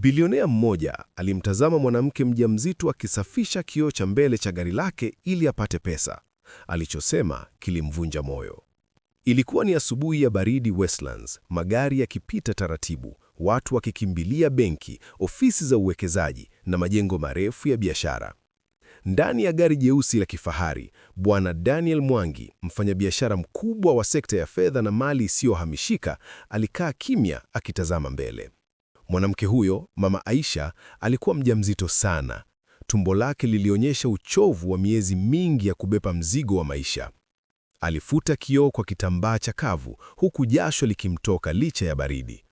Bilionea mmoja alimtazama mwanamke mjamzito akisafisha kioo cha mbele cha gari lake ili apate pesa. Alichosema kilimvunja moyo. Ilikuwa ni asubuhi ya baridi Westlands, magari yakipita taratibu, watu wakikimbilia benki, ofisi za uwekezaji na majengo marefu ya biashara. Ndani ya gari jeusi la kifahari, Bwana Daniel Mwangi, mfanyabiashara mkubwa wa sekta ya fedha na mali isiyohamishika, alikaa kimya akitazama mbele. Mwanamke huyo, Mama Aisha, alikuwa mjamzito sana. Tumbo lake lilionyesha uchovu wa miezi mingi ya kubeba mzigo wa maisha. Alifuta kioo kwa kitambaa cha kavu huku jasho likimtoka licha ya baridi.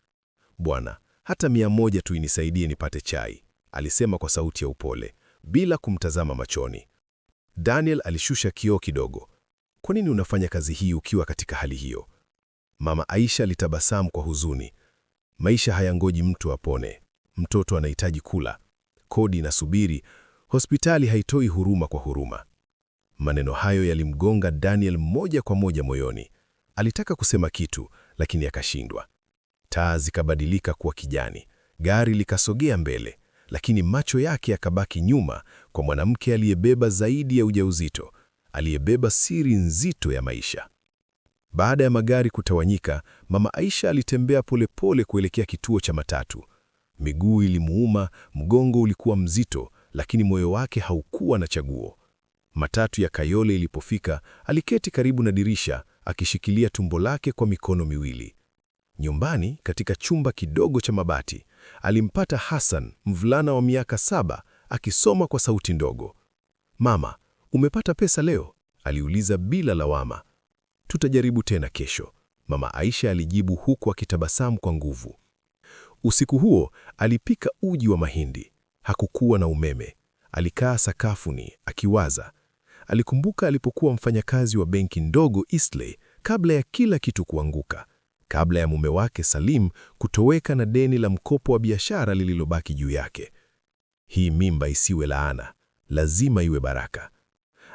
Bwana, hata mia moja tu inisaidie nipate chai, alisema kwa sauti ya upole bila kumtazama machoni. Daniel alishusha kioo kidogo. Kwa nini unafanya kazi hii ukiwa katika hali hiyo? Mama Aisha alitabasamu kwa huzuni. Maisha hayangoji mtu apone, mtoto anahitaji kula, kodi inasubiri, hospitali haitoi huruma kwa huruma. Maneno hayo yalimgonga Daniel moja kwa moja moyoni. Alitaka kusema kitu lakini akashindwa. Taa zikabadilika kuwa kijani, gari likasogea mbele, lakini macho yake yakabaki nyuma kwa mwanamke aliyebeba zaidi ya ujauzito, aliyebeba siri nzito ya maisha. Baada ya magari kutawanyika, mama Aisha alitembea polepole kuelekea kituo cha matatu. Miguu ilimuuma, mgongo ulikuwa mzito, lakini moyo wake haukuwa na chaguo. Matatu ya Kayole ilipofika, aliketi karibu na dirisha akishikilia tumbo lake kwa mikono miwili. Nyumbani, katika chumba kidogo cha mabati, alimpata Hassan, mvulana wa miaka saba, akisoma kwa sauti ndogo. Mama, umepata pesa leo? aliuliza bila lawama. Tutajaribu tena kesho, mama Aisha alijibu huku akitabasamu kwa nguvu. Usiku huo alipika uji wa mahindi. Hakukuwa na umeme. Alikaa sakafuni akiwaza. Alikumbuka alipokuwa mfanyakazi wa benki ndogo Eastleigh, kabla ya kila kitu kuanguka, kabla ya mume wake Salim kutoweka na deni la mkopo wa biashara lililobaki juu yake. Hii mimba isiwe laana, lazima iwe baraka.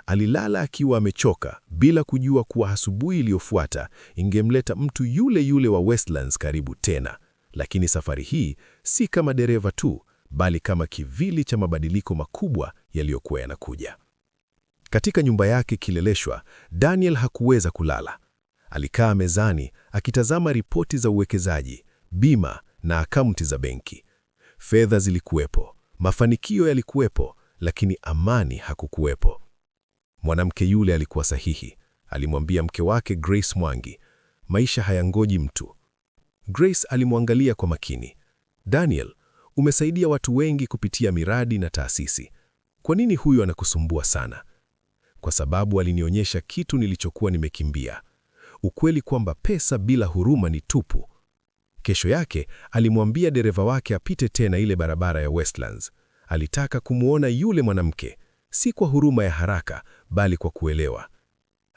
Alilala akiwa amechoka bila kujua kuwa asubuhi iliyofuata ingemleta mtu yule yule wa Westlands karibu tena, lakini safari hii si kama dereva tu, bali kama kivili cha mabadiliko makubwa yaliyokuwa yanakuja. Katika nyumba yake Kileleshwa, Daniel hakuweza kulala. Alikaa mezani akitazama ripoti za uwekezaji, bima na akaunti za benki. Fedha zilikuwepo, mafanikio yalikuwepo, lakini amani hakukuwepo. Mwanamke yule alikuwa sahihi. Alimwambia mke wake Grace Mwangi, maisha hayangoji mtu. Grace alimwangalia kwa makini. Daniel, umesaidia watu wengi kupitia miradi na taasisi. Kwa nini huyu anakusumbua sana? Kwa sababu alinionyesha kitu nilichokuwa nimekimbia. Ukweli kwamba pesa bila huruma ni tupu. Kesho yake alimwambia dereva wake apite tena ile barabara ya Westlands. Alitaka kumwona yule mwanamke si kwa huruma ya haraka, bali kwa kuelewa.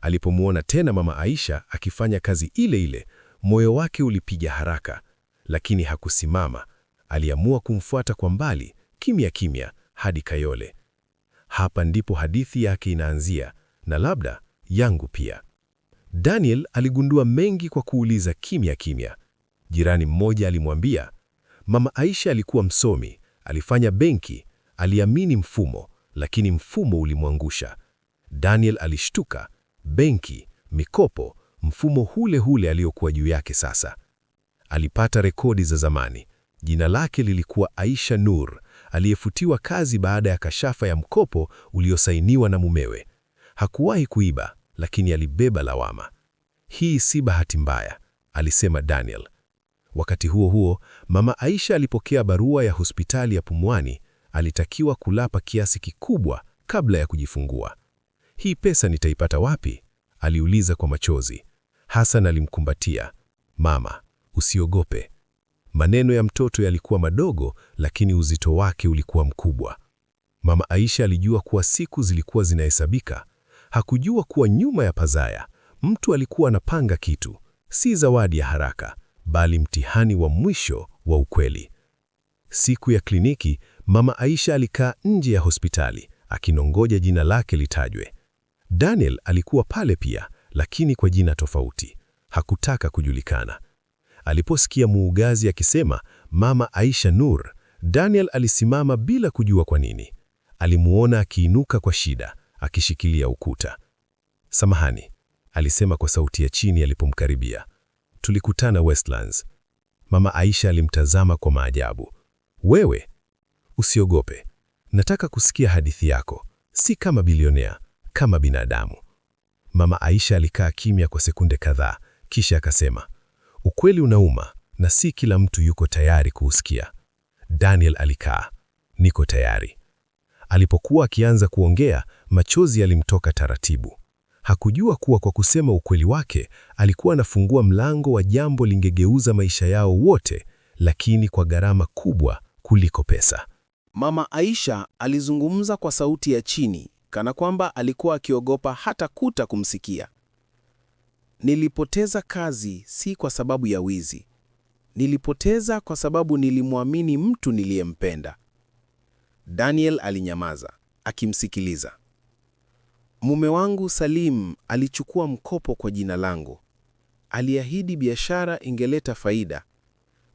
Alipomwona tena mama Aisha akifanya kazi ile ile, moyo wake ulipiga haraka, lakini hakusimama. Aliamua kumfuata kwa mbali, kimya kimya, hadi Kayole. Hapa ndipo hadithi yake inaanzia, na labda yangu pia. Daniel aligundua mengi kwa kuuliza kimya kimya. Jirani mmoja alimwambia, Mama Aisha alikuwa msomi, alifanya benki, aliamini mfumo, lakini mfumo ulimwangusha. Daniel alishtuka, benki, mikopo, mfumo hule hule aliyokuwa juu yake sasa. Alipata rekodi za zamani. Jina lake lilikuwa Aisha Nur, aliyefutiwa kazi baada ya kashafa ya mkopo uliosainiwa na mumewe. Hakuwahi kuiba, lakini alibeba lawama. Hii si bahati mbaya, alisema Daniel. Wakati huo huo, mama Aisha alipokea barua ya hospitali ya Pumwani alitakiwa kulapa kiasi kikubwa kabla ya kujifungua. Hii pesa nitaipata wapi? aliuliza kwa machozi. Hassan alimkumbatia. Mama, usiogope. Maneno ya mtoto yalikuwa madogo, lakini uzito wake ulikuwa mkubwa. Mama Aisha alijua kuwa siku zilikuwa zinahesabika. Hakujua kuwa nyuma ya pazaya mtu alikuwa anapanga kitu, si zawadi ya haraka, bali mtihani wa mwisho wa ukweli. Siku ya kliniki Mama Aisha alikaa nje ya hospitali akinongoja jina lake litajwe. Daniel alikuwa pale pia, lakini kwa jina tofauti. Hakutaka kujulikana. Aliposikia muugazi akisema Mama Aisha Nur, Daniel alisimama bila kujua kwa nini. Alimuona akiinuka kwa shida, akishikilia ukuta. Samahani, alisema kwa sauti ya chini alipomkaribia. Tulikutana Westlands. Mama Aisha alimtazama kwa maajabu. Wewe Usiogope, nataka kusikia hadithi yako, si kama bilionea, kama binadamu. Mama Aisha alikaa kimya kwa sekunde kadhaa, kisha akasema, ukweli unauma na si kila mtu yuko tayari kuusikia. Daniel alikaa, niko tayari. Alipokuwa akianza kuongea, machozi yalimtoka taratibu. Hakujua kuwa kwa kusema ukweli wake alikuwa anafungua mlango wa jambo lingegeuza maisha yao wote, lakini kwa gharama kubwa kuliko pesa. Mama Aisha alizungumza kwa sauti ya chini, kana kwamba alikuwa akiogopa hata kuta kumsikia. Nilipoteza kazi si kwa sababu ya wizi. Nilipoteza kwa sababu nilimwamini mtu niliyempenda. Daniel alinyamaza, akimsikiliza. Mume wangu Salim alichukua mkopo kwa jina langu. Aliahidi biashara ingeleta faida.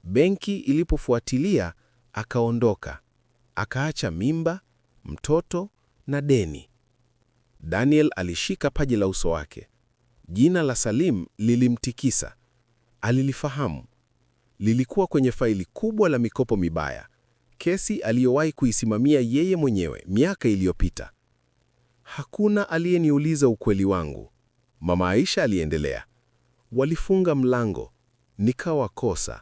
Benki ilipofuatilia, akaondoka akaacha mimba, mtoto na deni. Daniel alishika paji la uso wake. Jina la Salim lilimtikisa. Alilifahamu. Lilikuwa kwenye faili kubwa la mikopo mibaya, kesi aliyowahi kuisimamia yeye mwenyewe miaka iliyopita. Hakuna aliyeniuliza ukweli wangu, Mama Aisha aliendelea. Walifunga mlango, nikawa kosa.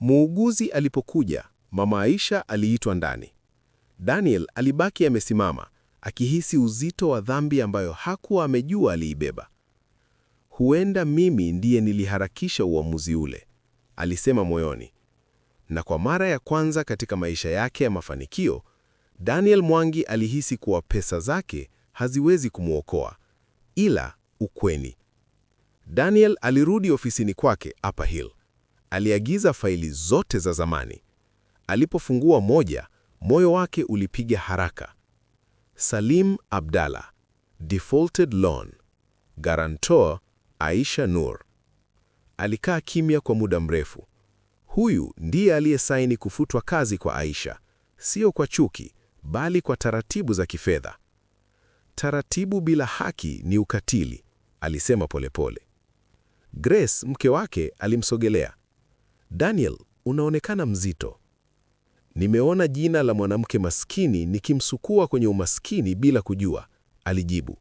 Muuguzi alipokuja Mama Aisha aliitwa ndani. Daniel alibaki amesimama, akihisi uzito wa dhambi ambayo hakuwa amejua aliibeba. Huenda mimi ndiye niliharakisha uamuzi ule, alisema moyoni. Na kwa mara ya kwanza katika maisha yake ya mafanikio, Daniel Mwangi alihisi kuwa pesa zake haziwezi kumwokoa, ila ukweni. Daniel alirudi ofisini kwake Upper Hill. Aliagiza faili zote za zamani, Alipofungua moja, moyo wake ulipiga haraka. Salim Abdalla, defaulted loan, guarantor Aisha Nur. Alikaa kimya kwa muda mrefu. Huyu ndiye aliyesaini kufutwa kazi kwa Aisha, sio kwa chuki, bali kwa taratibu za kifedha. Taratibu bila haki ni ukatili, alisema polepole. Grace, mke wake, alimsogelea. Daniel, unaonekana mzito nimeona jina la mwanamke maskini nikimsukua kwenye umaskini bila kujua, alijibu.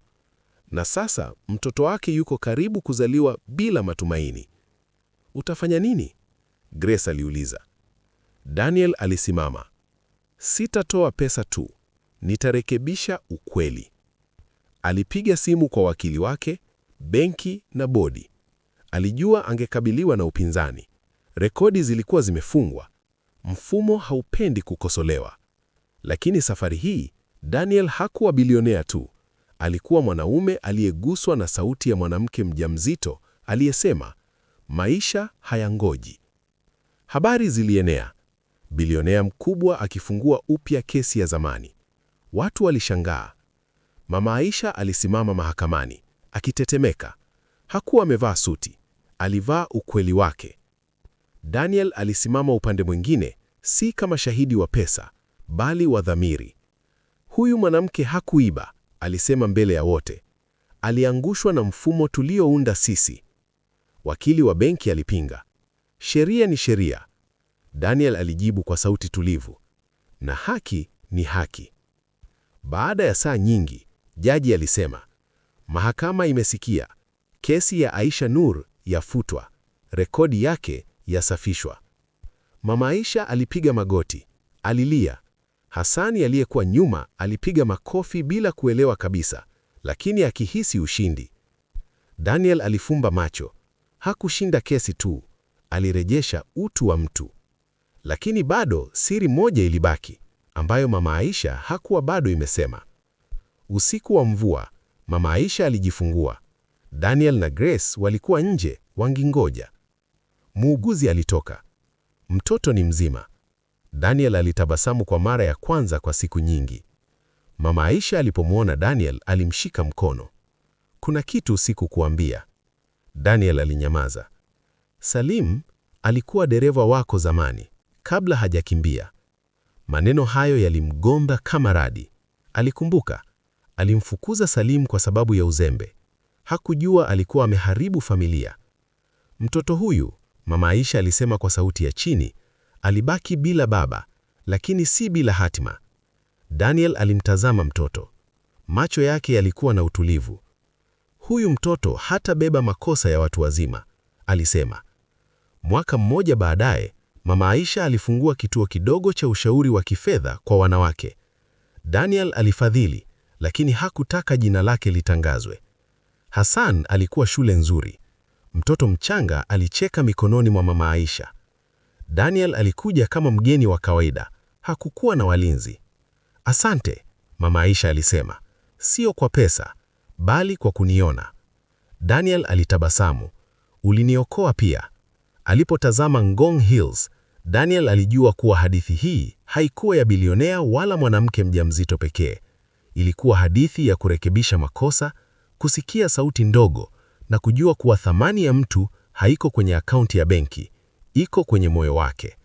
Na sasa mtoto wake yuko karibu kuzaliwa bila matumaini. Utafanya nini? Grace aliuliza. Daniel alisimama. Sitatoa pesa tu, nitarekebisha ukweli. Alipiga simu kwa wakili wake, benki na bodi. Alijua angekabiliwa na upinzani. Rekodi zilikuwa zimefungwa, Mfumo haupendi kukosolewa. Lakini safari hii Daniel hakuwa bilionea tu. Alikuwa mwanaume aliyeguswa na sauti ya mwanamke mjamzito aliyesema, maisha hayangoji. Habari zilienea, bilionea mkubwa akifungua upya kesi ya zamani. Watu walishangaa. Mama Aisha alisimama mahakamani akitetemeka. Hakuwa amevaa suti, alivaa ukweli wake. Daniel alisimama upande mwingine, si kama shahidi wa pesa, bali wa dhamiri. Huyu mwanamke hakuiba, alisema mbele ya wote. Aliangushwa na mfumo tuliounda sisi. Wakili wa benki alipinga. Sheria ni sheria. Daniel alijibu kwa sauti tulivu. Na haki ni haki. Baada ya saa nyingi, jaji alisema, mahakama imesikia. Kesi ya Aisha Nur yafutwa. Rekodi yake yasafishwa. Mama Aisha alipiga magoti, alilia. Hasani aliyekuwa nyuma alipiga makofi bila kuelewa kabisa, lakini akihisi ushindi. Daniel alifumba macho. Hakushinda kesi tu, alirejesha utu wa mtu. Lakini bado siri moja ilibaki ambayo mama Aisha hakuwa bado imesema. Usiku wa mvua, mama Aisha alijifungua. Daniel na Grace walikuwa nje wangingoja. Muuguzi alitoka. Mtoto ni mzima. Daniel alitabasamu kwa mara ya kwanza kwa siku nyingi. Mama Aisha alipomwona Daniel alimshika mkono. Kuna kitu sikukuambia. Daniel alinyamaza. Salim alikuwa dereva wako zamani, kabla hajakimbia. Maneno hayo yalimgonga kama radi. Alikumbuka. Alimfukuza Salim kwa sababu ya uzembe. Hakujua alikuwa ameharibu familia. Mtoto huyu Mama Aisha alisema kwa sauti ya chini. Alibaki bila baba, lakini si bila hatima. Daniel alimtazama mtoto, macho yake yalikuwa na utulivu. Huyu mtoto hatabeba makosa ya watu wazima, alisema. Mwaka mmoja baadaye, Mama Aisha alifungua kituo kidogo cha ushauri wa kifedha kwa wanawake. Daniel alifadhili, lakini hakutaka jina lake litangazwe. Hassan alikuwa shule nzuri, mtoto mchanga alicheka mikononi mwa mama Aisha. Daniel alikuja kama mgeni wa kawaida, hakukuwa na walinzi. Asante, mama Aisha alisema, sio kwa pesa, bali kwa kuniona. Daniel alitabasamu, uliniokoa pia. Alipotazama Ngong Hills, Daniel alijua kuwa hadithi hii haikuwa ya bilionea wala mwanamke mjamzito pekee. Ilikuwa hadithi ya kurekebisha makosa, kusikia sauti ndogo na kujua kuwa thamani ya mtu haiko kwenye akaunti ya benki, iko kwenye moyo wake.